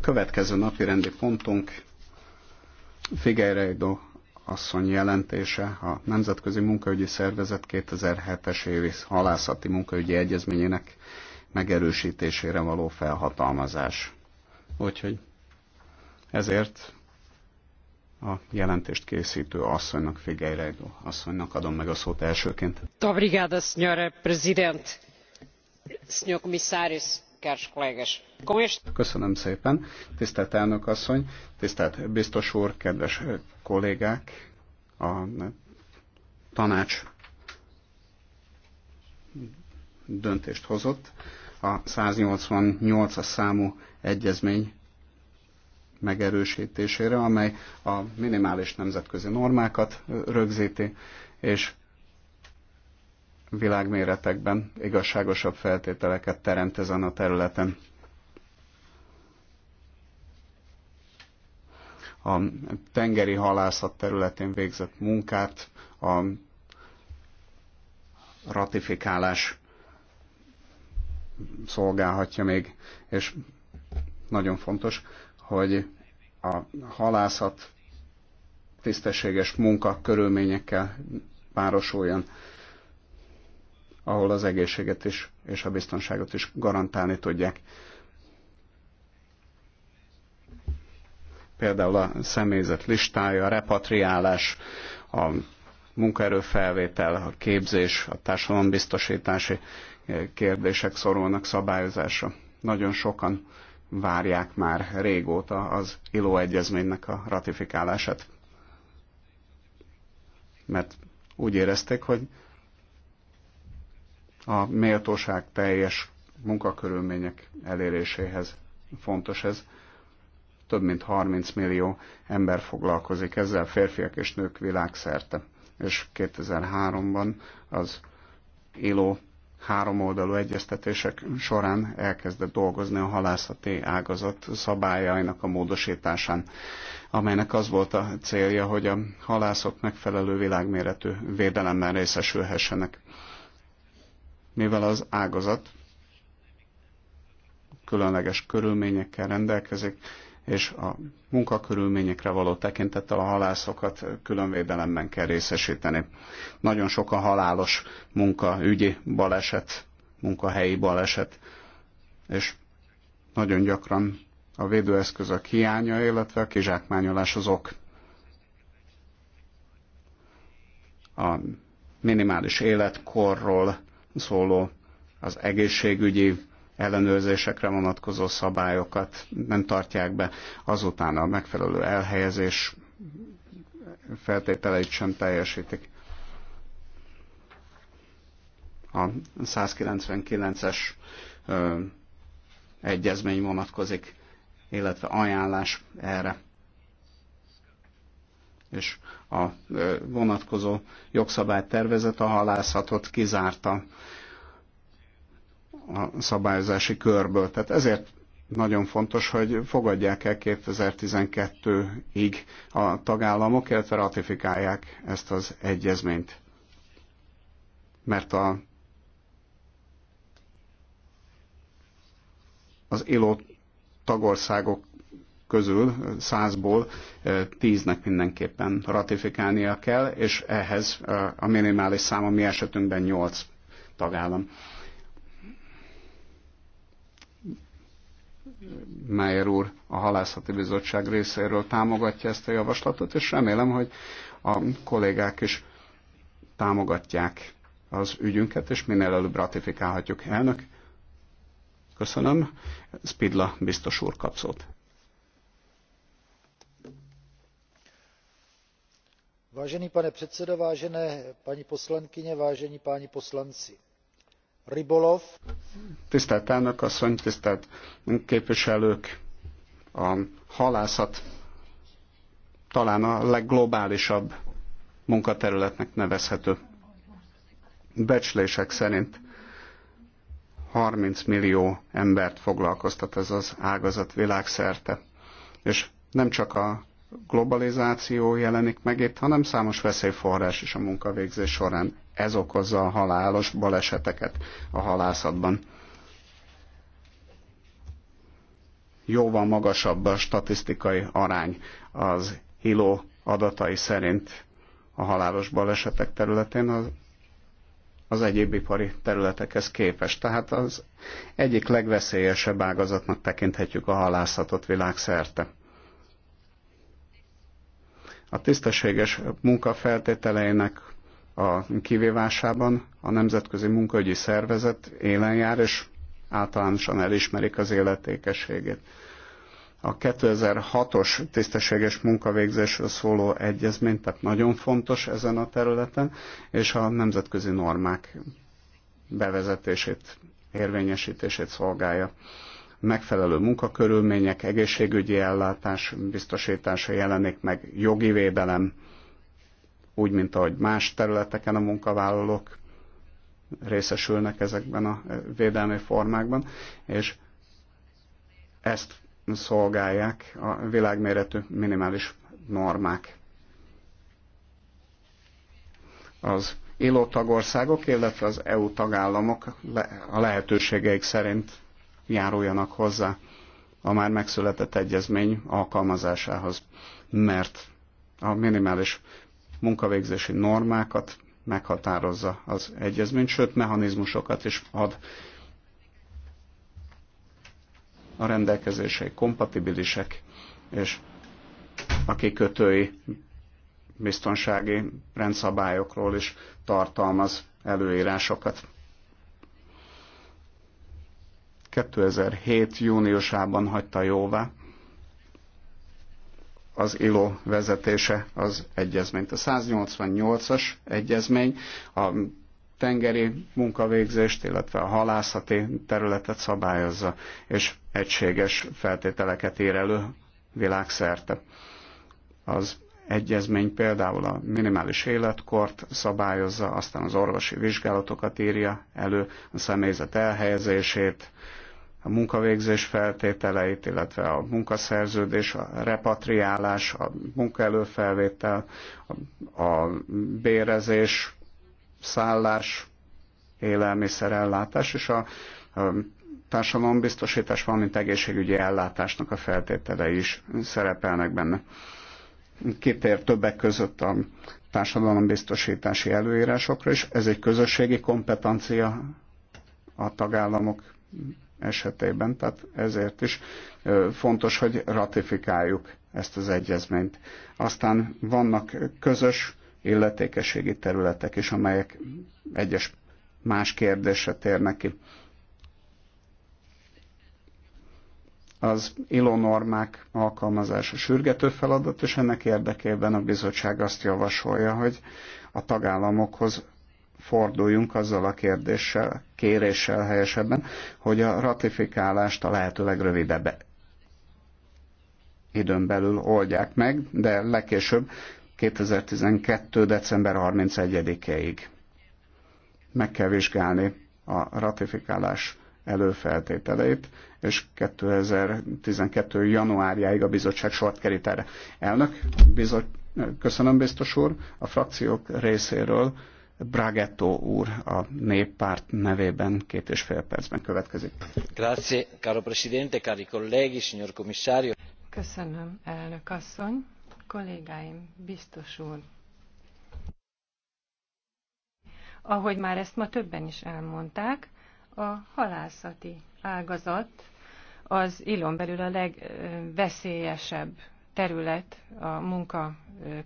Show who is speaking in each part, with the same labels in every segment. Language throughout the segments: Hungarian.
Speaker 1: Következő napi rendi pontunk Figueiredo asszony jelentése a Nemzetközi Munkaügyi Szervezet 2007-es évi halászati munkaügyi egyezményének megerősítésére való felhatalmazás. Úgyhogy ezért a jelentést készítő asszonynak, Figueiredo asszonynak adom meg a szót elsőként.
Speaker 2: senhora
Speaker 3: Senhor
Speaker 1: Köszönöm szépen, tisztelt elnök asszony, tisztelt biztos úr, kedves kollégák, a tanács döntést hozott. A 188-as számú egyezmény megerősítésére, amely a minimális nemzetközi normákat rögzíti, és világméretekben igazságosabb feltételeket teremt ezen a területen. A tengeri halászat területén végzett munkát a ratifikálás szolgálhatja még, és nagyon fontos, hogy a halászat tisztességes munka körülményekkel párosuljon ahol az egészséget is és a biztonságot is garantálni tudják. Például a személyzet listája, a repatriálás, a munkaerőfelvétel, a képzés, a társadalombiztosítási eh, kérdések szorulnak szabályozásra. Nagyon sokan várják már régóta az ILO egyezménynek a ratifikálását. Mert úgy érezték, hogy a méltóság teljes munkakörülmények eléréséhez fontos ez. Több mint 30 millió ember foglalkozik ezzel, férfiak és nők világszerte. És 2003-ban az ILO oldalú egyeztetések során elkezdett dolgozni a halászati ágazat szabályainak a módosításán, amelynek az volt a célja, hogy a halászok megfelelő világméretű védelemmel részesülhessenek mivel az ágazat különleges körülményekkel rendelkezik, és a munkakörülményekre való tekintettel a halászokat különvédelemben kell részesíteni. Nagyon sok a halálos munkaügyi baleset, munkahelyi baleset, és nagyon gyakran a védőeszközök hiánya, illetve a kizsákmányolás az ok. A minimális életkorról szóló, az egészségügyi ellenőrzésekre vonatkozó szabályokat nem tartják be, azután a megfelelő elhelyezés feltételeit sem teljesítik. A 199-es egyezmény vonatkozik, illetve ajánlás erre és a vonatkozó jogszabálytervezet a halászatot kizárta a szabályozási körből. Tehát ezért nagyon fontos, hogy fogadják el 2012-ig a tagállamok, illetve ratifikálják ezt az egyezményt. Mert a, az élő tagországok közül százból tíznek mindenképpen ratifikálnia kell, és ehhez a minimális szám a mi esetünkben nyolc tagállam. Meyer úr a halászati bizottság részéről támogatja ezt a javaslatot, és remélem, hogy a kollégák is támogatják az ügyünket, és minél előbb ratifikálhatjuk elnök. Köszönöm. Spidla biztos úr kapszott. vážený pane předsedo vážené paní poslankyně vážení páni poslanci rybolov. tisztelt elnök asszony tisztelt képviselők! a halászat talán a legglobálisabb munkaterületnek nevezhető. Becslések szerint 30 millió embert foglalkoztat ez az ágazat világszerte. És nem csak a globalizáció jelenik meg itt, hanem számos veszélyforrás is a munkavégzés során. Ez okozza a halálos baleseteket a halászatban. Jóval magasabb a statisztikai arány az Hilo adatai szerint a halálos balesetek területén az, az egyéb ipari területekhez képest. Tehát az egyik legveszélyesebb ágazatnak tekinthetjük a halászatot világszerte. A tisztességes munka feltételeinek a kivívásában a Nemzetközi Munkaügyi Szervezet élen jár, és általánosan elismerik az életékességét. A 2006-os tisztességes munkavégzésről szóló egyezmény, tehát nagyon fontos ezen a területen, és a nemzetközi normák bevezetését, érvényesítését szolgálja megfelelő munkakörülmények, egészségügyi ellátás biztosítása jelenik meg, jogi védelem, úgy, mint ahogy más területeken a munkavállalók részesülnek ezekben a eh, védelmi formákban, és ezt szolgálják a világméretű minimális normák. Az élő tagországok, illetve az EU tagállamok a lehetőségeik szerint járuljanak hozzá a már megszületett egyezmény alkalmazásához, mert a minimális munkavégzési normákat meghatározza az egyezmény, sőt mechanizmusokat is ad a rendelkezései kompatibilisek, és a kikötői biztonsági rendszabályokról is tartalmaz előírásokat. 2007. júniusában hagyta jóvá az ILO vezetése az egyezményt. A 188-as egyezmény a tengeri munkavégzést, illetve a halászati területet szabályozza, és egységes feltételeket ír elő világszerte. Az egyezmény például a minimális életkort szabályozza, aztán az orvosi vizsgálatokat írja elő, a személyzet elhelyezését, a munkavégzés feltételeit, illetve a munkaszerződés, a repatriálás, a munkaelőfelvétel, a bérezés, szállás, élelmiszerellátás és a társadalombiztosítás, valamint egészségügyi ellátásnak a feltételei is szerepelnek benne. Kitér többek között a társadalombiztosítási előírásokra, és ez egy közösségi kompetencia a tagállamok esetében, tehát ezért is fontos, hogy ratifikáljuk ezt az egyezményt. Aztán vannak közös illetékeségi területek is, amelyek egyes más kérdésre térnek ki. Az ilonormák alkalmazása sürgető feladat, és ennek érdekében a bizottság azt javasolja, hogy a tagállamokhoz forduljunk azzal a kérdéssel, kéréssel helyesebben, hogy a ratifikálást a lehető legrövidebb időn belül oldják meg, de legkésőbb 2012. december 31-ig. Meg kell vizsgálni a ratifikálás előfeltételeit, és 2012. januárjáig a bizottság sort kerít erre. Elnök, bizot, köszönöm biztos úr, a frakciók részéről Bragetto úr a néppárt nevében két és fél percben következik.
Speaker 3: Grazie, caro presidente, cari colleghi, signor commissario. Köszönöm, elnök asszony, kollégáim, biztos úr. Ahogy már ezt ma többen is elmondták, a halászati ágazat az ilon belül a legveszélyesebb terület a munka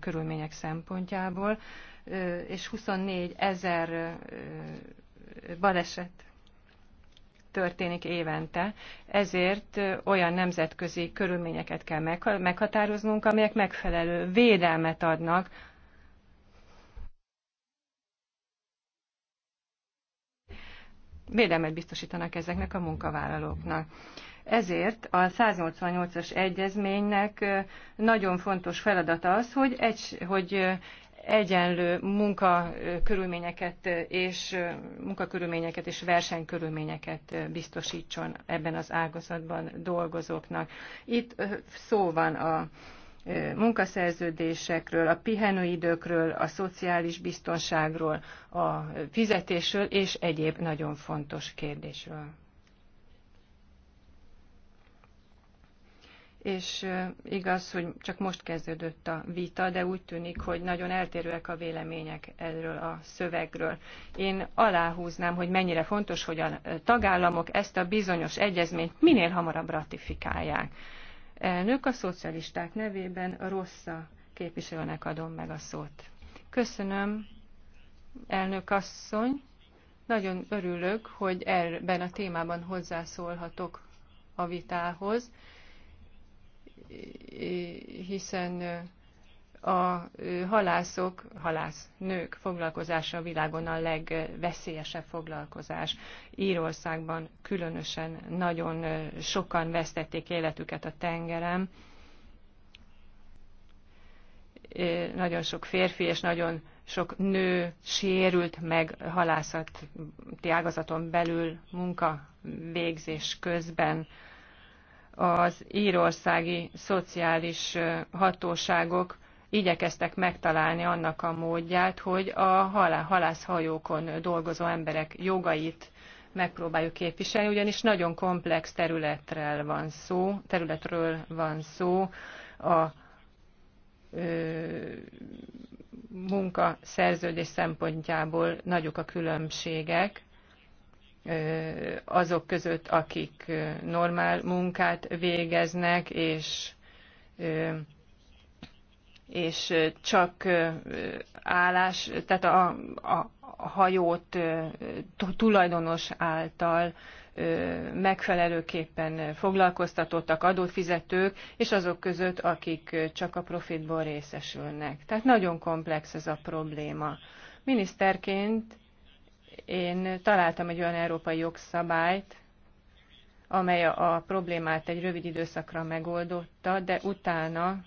Speaker 3: körülmények szempontjából és 24 ezer baleset történik évente, ezért olyan nemzetközi körülményeket kell meghatároznunk, amelyek megfelelő védelmet adnak védelmet biztosítanak ezeknek a munkavállalóknak. Ezért a 188-as egyezménynek nagyon fontos feladata az, hogy, egy, hogy egyenlő munkakörülményeket és munkakörülményeket és versenykörülményeket biztosítson ebben az ágazatban dolgozóknak. Itt szó van a munkaszerződésekről, a pihenőidőkről, a szociális biztonságról, a fizetésről és egyéb nagyon fontos kérdésről. és igaz, hogy csak most kezdődött a vita, de úgy tűnik, hogy nagyon eltérőek a vélemények erről a szövegről. Én aláhúznám, hogy mennyire fontos, hogy a tagállamok ezt a bizonyos egyezményt minél hamarabb ratifikálják. Elnök a szocialisták nevében Rossza képviselőnek adom meg a szót. Köszönöm, elnök asszony. Nagyon örülök, hogy ebben a témában hozzászólhatok a vitához hiszen a halászok, halásznők foglalkozása a világon a legveszélyesebb foglalkozás. Írországban különösen nagyon sokan vesztették életüket a tengeren. Nagyon sok férfi és nagyon sok nő sérült meg halászati ágazaton belül munka végzés közben az írországi szociális hatóságok igyekeztek megtalálni annak a módját, hogy a halászhajókon dolgozó emberek jogait megpróbáljuk képviselni, ugyanis nagyon komplex területről van szó, területről van szó a munkaszerződés szempontjából nagyok a különbségek, azok között, akik normál munkát végeznek, és és csak állás, tehát a, a, hajót tulajdonos által megfelelőképpen foglalkoztatottak adófizetők, és azok között, akik csak a profitból részesülnek. Tehát nagyon komplex ez a probléma. Miniszterként én találtam egy olyan európai jogszabályt, amely a problémát egy rövid időszakra megoldotta, de utána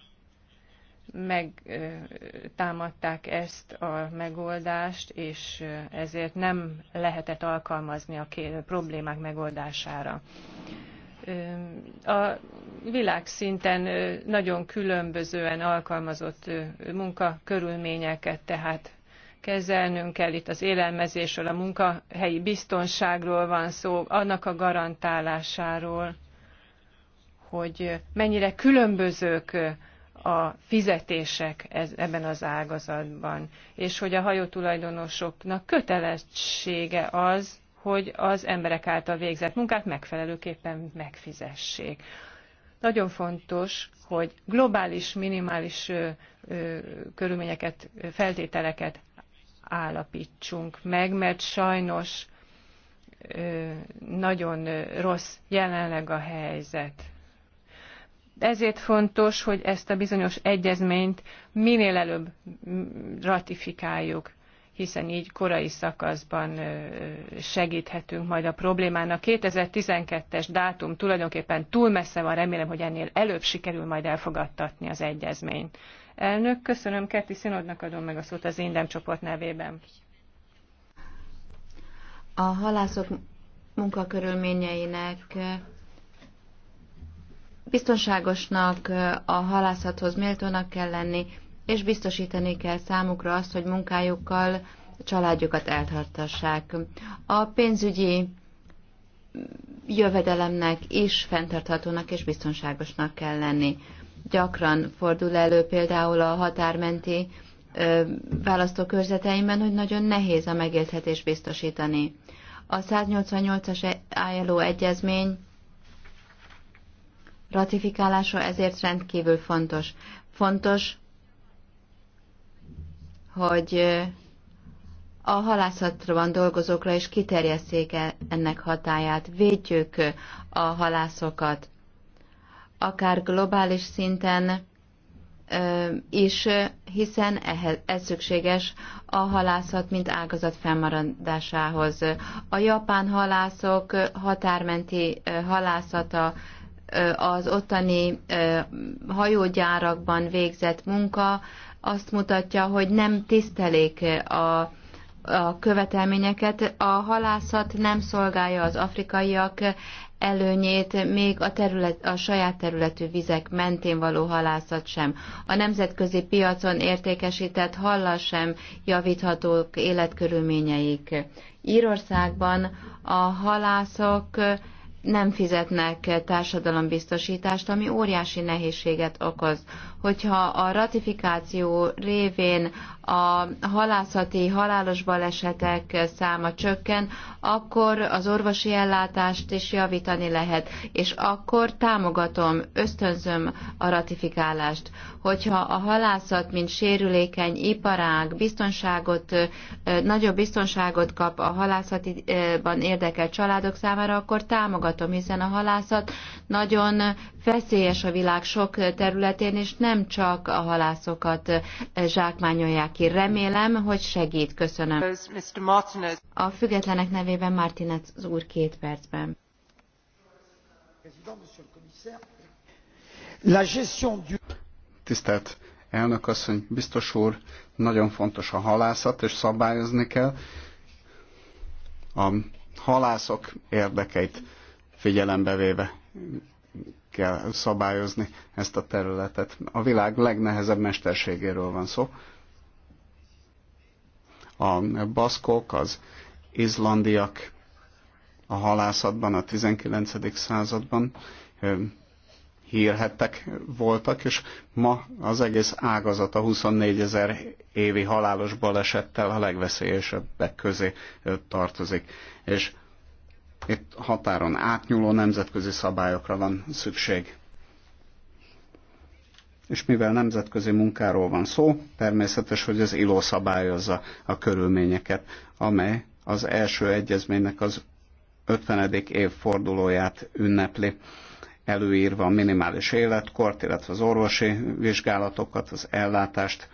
Speaker 3: megtámadták ezt a megoldást, és ezért nem lehetett alkalmazni a problémák megoldására. A világszinten nagyon különbözően alkalmazott munkakörülményeket tehát kezelnünk kell. Itt az élelmezésről, a munkahelyi biztonságról van szó, annak a garantálásáról, hogy mennyire különbözők a fizetések ez, ebben az ágazatban, és hogy a hajótulajdonosoknak kötelessége az, hogy az emberek által végzett munkát megfelelőképpen megfizessék. Nagyon fontos, hogy globális, minimális ö, ö, körülményeket, feltételeket állapítsunk meg, mert sajnos nagyon rossz jelenleg a helyzet. Ezért fontos, hogy ezt a bizonyos egyezményt minél előbb ratifikáljuk, hiszen így korai szakaszban segíthetünk majd a problémának. 2012-es dátum tulajdonképpen túl messze van, remélem, hogy ennél előbb sikerül majd elfogadtatni az egyezményt. Elnök, köszönöm, Kerti Színodnak adom meg a szót az Indem csoport nevében.
Speaker 2: A halászok munkakörülményeinek biztonságosnak, a halászathoz méltónak kell lenni, és biztosítani kell számukra azt, hogy munkájukkal családjukat eltartassák. A pénzügyi jövedelemnek is fenntarthatónak és biztonságosnak kell lenni gyakran fordul elő például a határmenti választókörzeteimben, hogy nagyon nehéz a megélhetést biztosítani. A 188-as e- ILO egyezmény ratifikálása ezért rendkívül fontos. Fontos, hogy a halászatban dolgozókra is kiterjesszék e- ennek hatáját, védjük a halászokat, akár globális szinten is, hiszen ehhez, ez szükséges a halászat, mint ágazat felmaradásához. A japán halászok határmenti halászata az ottani hajógyárakban végzett munka azt mutatja, hogy nem tisztelik a a követelményeket. A halászat nem szolgálja az afrikaiak előnyét, még a, terület, a saját területű vizek mentén való halászat sem. A nemzetközi piacon értékesített hallal sem javíthatók életkörülményeik. Írországban a halászok nem fizetnek társadalombiztosítást, ami óriási nehézséget okoz hogyha a ratifikáció révén a halászati halálos balesetek száma csökken, akkor az orvosi ellátást is javítani lehet, és akkor támogatom, ösztönzöm a ratifikálást. Hogyha a halászat, mint sérülékeny iparág biztonságot, nagyobb biztonságot kap a halászatiban érdekelt családok számára, akkor támogatom, hiszen a halászat nagyon veszélyes a világ sok területén, és nem nem csak a halászokat eh, zsákmányolják ki. Remélem, hogy segít. Köszönöm. A függetlenek nevében Martinez úr két percben.
Speaker 1: Tisztelt elnök asszony, biztos úr, nagyon fontos a halászat, és szabályozni kell. A halászok érdekeit figyelembe véve kell szabályozni ezt a területet. A világ legnehezebb mesterségéről van szó. A baszkok, az izlandiak a halászatban a 19. században hírhettek voltak, és ma az egész ágazat a 24 ezer évi halálos balesettel a legveszélyesebbek közé tartozik. És itt határon átnyúló nemzetközi szabályokra van szükség. És mivel nemzetközi munkáról van szó, természetes, hogy az ILO szabályozza a körülményeket, amely az első egyezménynek az 50. évfordulóját ünnepli előírva a minimális életkort, illetve az orvosi vizsgálatokat, az ellátást.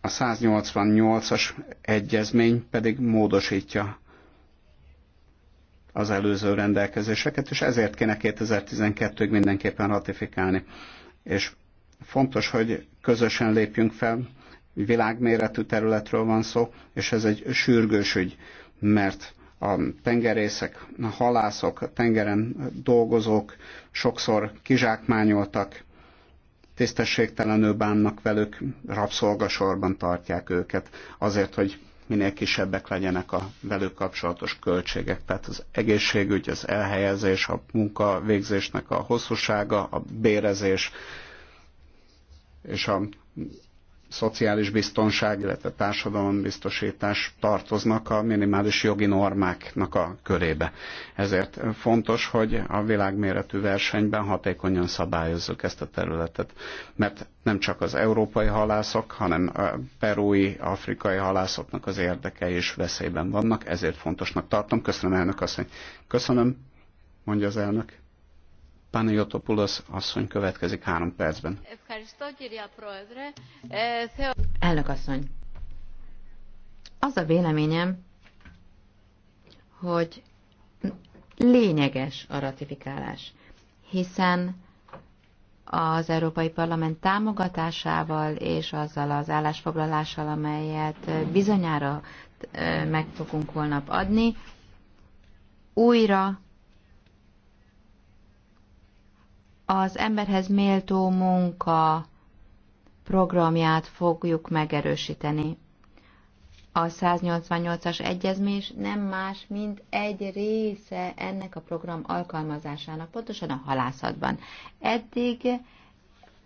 Speaker 1: A 188-as egyezmény pedig módosítja az előző rendelkezéseket, és ezért kéne 2012-ig mindenképpen ratifikálni. És fontos, hogy közösen lépjünk fel, világméretű területről van szó, és ez egy sürgős ügy, mert a tengerészek, a halászok, a tengeren dolgozók sokszor kizsákmányoltak, tisztességtelenül bánnak velük, rabszolgasorban tartják őket, azért, hogy minél kisebbek legyenek a velük kapcsolatos költségek. Tehát az egészségügy, az elhelyezés, a munka végzésnek a hosszúsága, a bérezés és a szociális biztonság, illetve biztosítás tartoznak a minimális jogi normáknak a körébe. Ezért fontos, hogy a világméretű versenyben hatékonyan szabályozzuk ezt a területet, mert nem csak az európai halászok, hanem a perui, afrikai halászoknak az érdekei is veszélyben vannak, ezért fontosnak tartom. Köszönöm elnök asszony. Köszönöm, mondja az elnök. Panayotopoulos asszony következik három percben.
Speaker 2: Elnök asszony, az a véleményem, hogy lényeges a ratifikálás, hiszen az Európai Parlament támogatásával és azzal az állásfoglalással, amelyet bizonyára eh, meg fogunk holnap adni, újra az emberhez méltó munka programját fogjuk megerősíteni. A 188-as egyezmény nem más, mint egy része ennek a program alkalmazásának, pontosan a halászatban. Eddig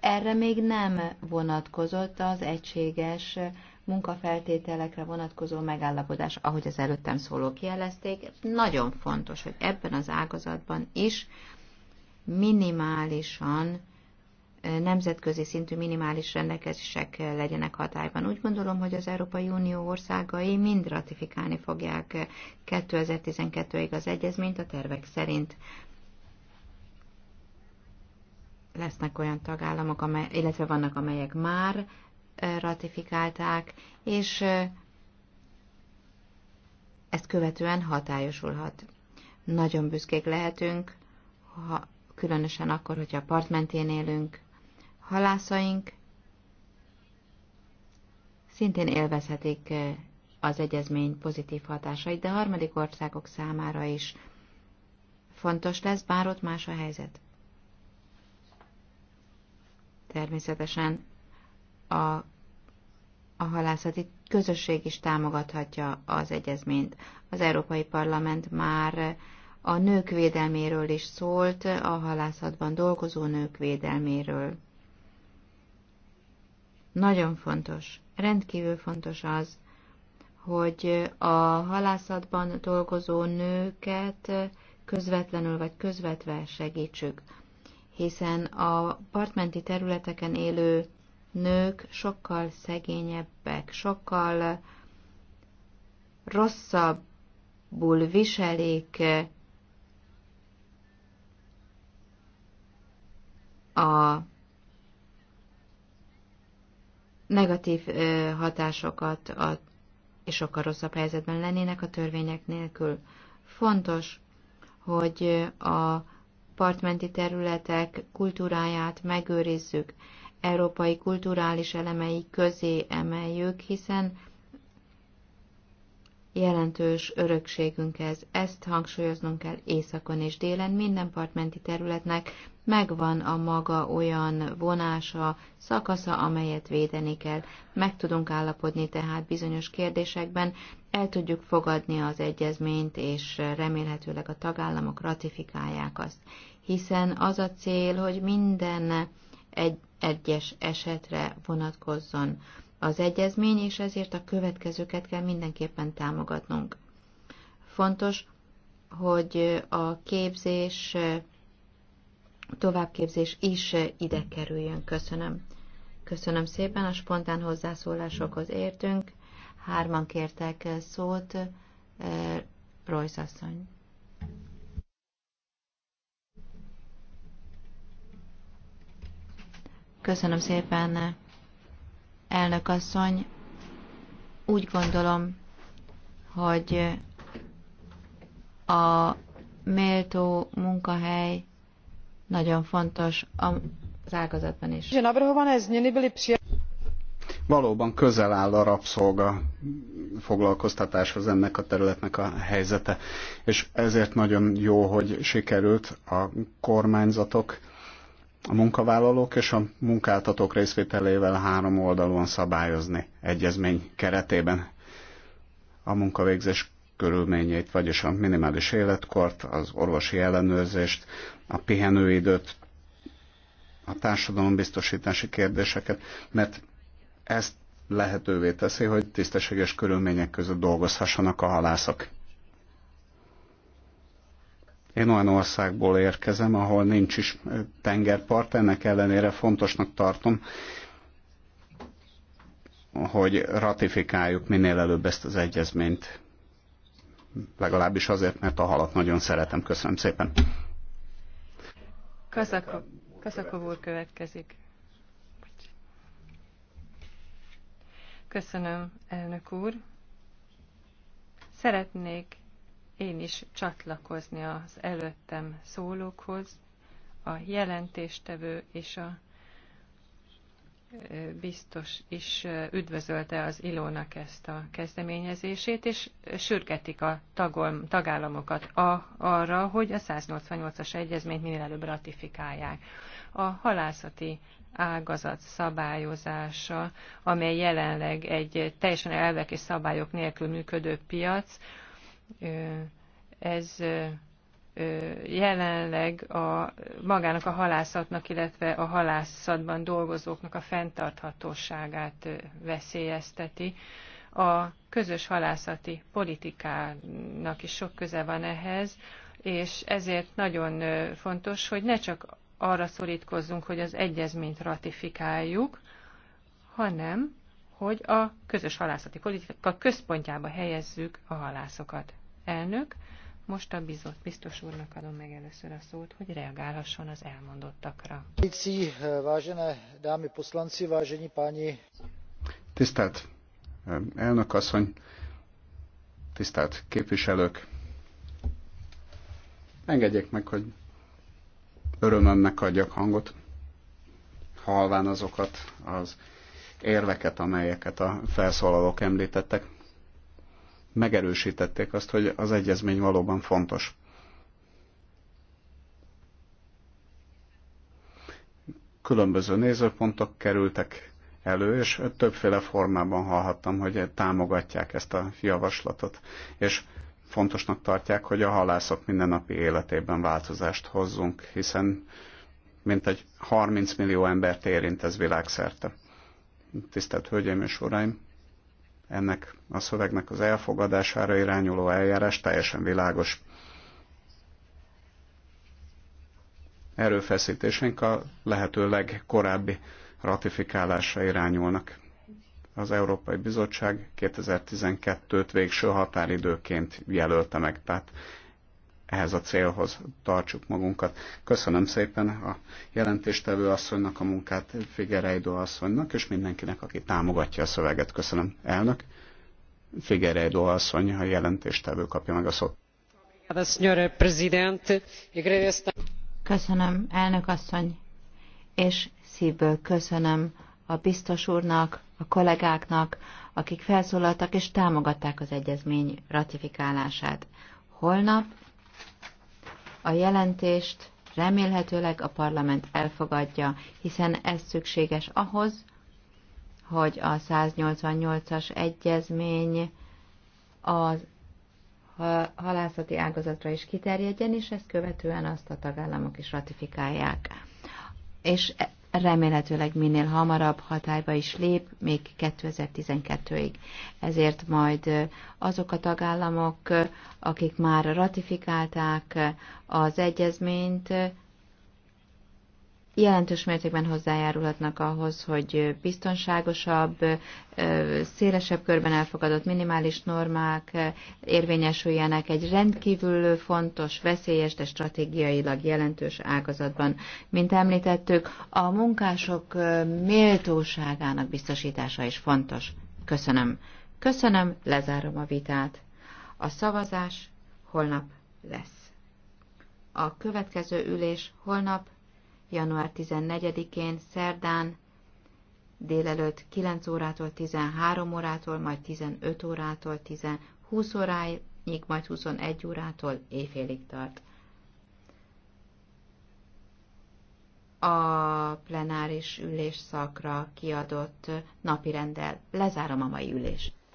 Speaker 2: erre még nem vonatkozott az egységes munkafeltételekre vonatkozó megállapodás, ahogy az előttem szólók jelezték. Nagyon fontos, hogy ebben az ágazatban is minimálisan, nemzetközi szintű minimális rendelkezések legyenek hatályban. Úgy gondolom, hogy az Európai Unió országai mind ratifikálni fogják 2012-ig az egyezményt a tervek szerint lesznek olyan tagállamok, amely, illetve vannak, amelyek már ratifikálták, és ezt követően hatályosulhat. Nagyon büszkék lehetünk, ha különösen akkor, hogyha part mentén élünk. Halászaink szintén élvezhetik eh, az egyezmény pozitív hatásait, de harmadik országok számára is fontos lesz, bár ott más a helyzet. Természetesen a, a halászati közösség is támogathatja az egyezményt. Az Európai Parlament már a nők védelméről is szólt, a halászatban dolgozó nők védelméről. Nagyon fontos, rendkívül fontos az, hogy a halászatban dolgozó nőket közvetlenül vagy közvetve segítsük, hiszen a partmenti területeken élő nők sokkal szegényebbek, sokkal rosszabbul viselik a negatív hatásokat a, és sokkal rosszabb helyzetben lennének a törvények nélkül. Fontos, hogy a partmenti területek kultúráját megőrizzük, európai kulturális elemei közé emeljük, hiszen jelentős örökségünkhez. Ezt hangsúlyoznunk kell északon és délen, minden partmenti területnek megvan a maga olyan vonása, szakasza, amelyet védeni kell. Meg tudunk állapodni tehát bizonyos kérdésekben, el tudjuk fogadni az egyezményt, és remélhetőleg a tagállamok ratifikálják azt. Hiszen az a cél, hogy minden egy, egyes esetre vonatkozzon az egyezmény, és ezért a következőket kell mindenképpen támogatnunk. Fontos, hogy a képzés, továbbképzés is ide kerüljön. Köszönöm. Köszönöm szépen, a spontán hozzászólásokhoz értünk. Hárman kértek szót, eh, Royce asszony.
Speaker 1: Köszönöm szépen.
Speaker 2: Elnök asszony, úgy gondolom, hogy a méltó munkahely nagyon fontos az ágazatban is.
Speaker 1: Valóban közel áll a rabszolga foglalkoztatáshoz ennek a területnek a helyzete, és ezért nagyon jó, hogy sikerült a kormányzatok a munkavállalók és a munkáltatók részvételével három oldalon szabályozni egyezmény keretében a munkavégzés körülményeit, vagyis a minimális életkort, az orvosi ellenőrzést, a pihenőidőt, a társadalombiztosítási kérdéseket, mert ezt lehetővé teszi, hogy tisztességes körülmények között dolgozhassanak a halászok. Én olyan országból érkezem, ahol nincs is tengerpart, ennek ellenére fontosnak tartom, hogy ratifikáljuk minél előbb ezt az egyezményt. Legalábbis azért, mert a halat nagyon szeretem. Köszönöm szépen.
Speaker 3: Kazakov, úr következik. Köszönöm, elnök úr. Szeretnék én is csatlakozni az előttem szólókhoz, a jelentéstevő és a biztos is üdvözölte az Ilónak ezt a kezdeményezését, és sürgetik a tagol, tagállamokat a, arra, hogy a 188-as egyezményt minél előbb ratifikálják. A halászati ágazat szabályozása, amely jelenleg egy teljesen elvek és szabályok nélkül működő piac, ez jelenleg a, magának a halászatnak, illetve a halászatban dolgozóknak a fenntarthatóságát veszélyezteti. A közös halászati politikának is sok köze van ehhez, és ezért nagyon fontos, hogy ne csak arra szorítkozzunk, hogy az egyezményt ratifikáljuk, hanem hogy a közös halászati politika központjába helyezzük a halászokat. Elnök, most a bizott biztos úrnak adom meg először a szót, hogy reagálhasson az elmondottakra.
Speaker 1: Tisztelt eh, elnök asszony, tisztelt képviselők, engedjék meg, hogy örömömnek adjak hangot, halván azokat az érveket, amelyeket a felszólalók említettek, megerősítették azt, hogy az egyezmény valóban fontos. Különböző nézőpontok kerültek elő, és többféle formában hallhattam, hogy támogatják ezt a javaslatot, és fontosnak tartják, hogy a halászok mindennapi életében változást hozzunk, hiszen mintegy 30 millió embert érint ez világszerte tisztelt Hölgyeim és Uraim, ennek a szövegnek az elfogadására irányuló eljárás teljesen világos. Erőfeszítésünk a lehető legkorábbi ratifikálásra irányulnak. Az Európai Bizottság 2012-t végső határidőként jelölte meg, tehát ehhez a célhoz tartsuk magunkat. Köszönöm szépen a jelentéstevő asszonynak, a munkát Figereidó asszonynak, és mindenkinek, aki támogatja a szöveget. Köszönöm elnök. Figereidó asszony, a jelentéstevő kapja meg a szót.
Speaker 2: Köszönöm, elnök asszony, és szívből köszönöm a biztos úrnak, a kollégáknak, akik felszólaltak és támogatták az egyezmény ratifikálását. Holnap a jelentést remélhetőleg a parlament elfogadja, hiszen ez szükséges ahhoz, hogy a 188-as egyezmény a halászati ágazatra is kiterjedjen, és ezt követően azt a tagállamok is ratifikálják. És remélhetőleg minél hamarabb hatályba is lép, még 2012-ig. Ezért majd azok a tagállamok, akik már ratifikálták az egyezményt, jelentős mértékben hozzájárulhatnak ahhoz, hogy biztonságosabb, szélesebb körben elfogadott minimális normák érvényesüljenek egy rendkívül fontos, veszélyes, de stratégiailag jelentős ágazatban. Mint említettük, a munkások méltóságának biztosítása is fontos. Köszönöm. Köszönöm, lezárom a vitát. A szavazás holnap lesz. A következő ülés holnap január 14-én, szerdán, délelőtt 9 órától 13 órától, majd 15 órától 10, 20 óráig, majd 21 órától éjfélig tart. A plenáris ülés szakra kiadott napirenddel lezárom a mai ülést.